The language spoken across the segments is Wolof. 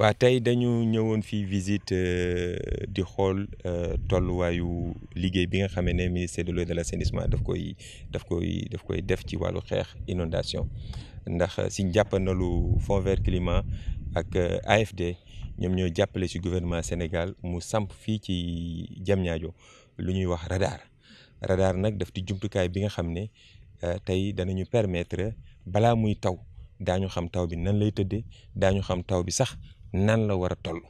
waaw tey dañu ñëwoon fii visite euh, di xool euh, tolluwaayu liggéey bi nga xamee ne ministère de l'eau et de l'assainissement daf koy daf koy daf koy def ci wàllu xeex inondation ndax euh, si njàppandalu Fonds Vert Climat ak AFD ñoom ñoo jàppale si gouvernement Sénégal mu samp fii ci Diamniadio lu ñuy wax radar radar nag daf di jumtukaay bi nga xam ne tey danañu permettre balaa muy taw daañu xam taw bi nan lay tëddee daañu xam taw bi sax nan la war a toll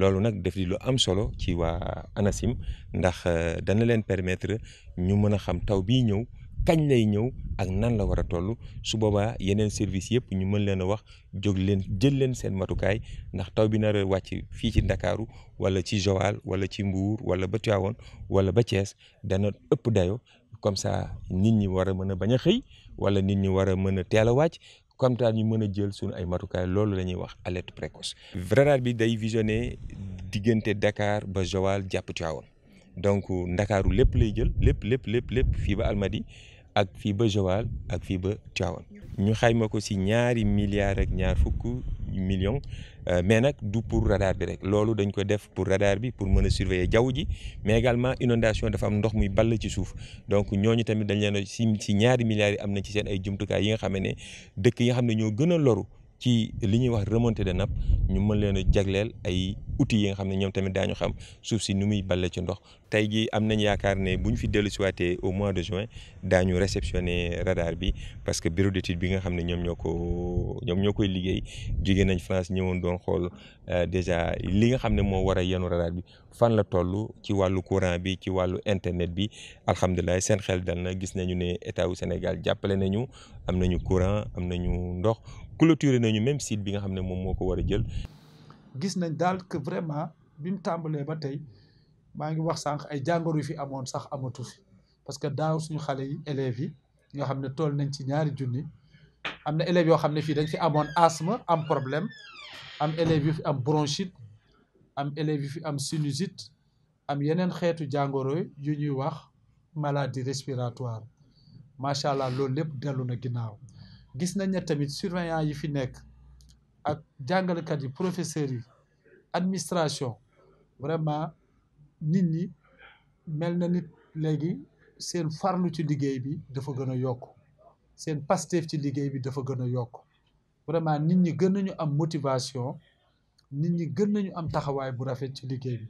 loolu nag def di lu am solo ci waa ANACIM ndax euh, dana leen permettre ñu mën a xam taw bii ñëw kañ lay ñëw ak nan la war a toll su boobaa yeneen service yëpp ñu mën leen a wax jóg leen jël leen seen matukaay ndax taw bi na wàcc fii ci Ndakaaru wala ci Joal wala ci Mbuur wala ba Tivaouane wala ba Thiès dana ëpp dayo comme ça nit ñi war a mën a bañ a xëy wala nit ñi war a mën a teel a wàcc comme ça ñu mën a jël suñu ay matukaay loolu lañuy wax alerte précoce. radar bi day visionné diggante Dakar ba Joal jàpp Tivaouane donc ndakaaru lépp lay jël lépp lépp lépp lépp fii ba Almadi ak fii ba Joal ak fii ba Tivaouane. ñu xayma ko si ñaari milliards ak ñaar fukk. millions euh, mais nak du pour radar bi rek loolu dañ ko def pour radar bi pour mën surveiller jaww ji mais également inondation dafa am ndox muy ball ci souf donc ñoñu tamit dañ leen ci si ñaari milliards yi am ci seen ay kay yi nga xamné ne yi nga xam ne ñoo gën loru ci li ñuy wax remonter de nap ñu mën leen a ay outils yi nga xamné ñom tamit daañu xam souf ci numuy muy balle ci ndox tey jii am nañ yaakaar ne bu au mois de juin daañu réceptionné radar bi parce que bureau d'étude bi nga nyomnyoko, nyomnyoko ñoom ñoo en liggéey France ñëwoon doon xool euh, déjà li nga xam ne moo war radar bi fan la toll ci wàllu courant bi ci wàllu internet bi alhamdulillah, seen xel dal na gis nañu ne état wu Sénégal jàppale nañu am nañu courant am nañu ndox clôturé nañu même site bi nga xam ne moom moo jël. gis nañ que vraiment bi mu tàmbalee ba mangi wax sank ay jàngoro fi amone sax amatu parce que daaw suñu xalé yi élèves yi nga xamné tol nañ ci ñaari junni amna élèves yo xamné ne dañ ci amone asthme am problème am élèves fi am bronchite am élèves fi am sinusite am yenen xétu jangoro yu ñuy wax maladie respiratoire machallah allah lepp lépp na gis nañ ne tamit surveillant yi fi nekk ak jàngalekat yi professeurs yi administration vraiment nit ñi mel na nit léegi seen farlu ci liggéey bi dafa gën a yokk seen pasteef ci liggéey bi dafa gën a yokk vraiment nit ñi gën nañu am motivation nit ñi gën nañu am taxawaay bu rafet ci liggéey bi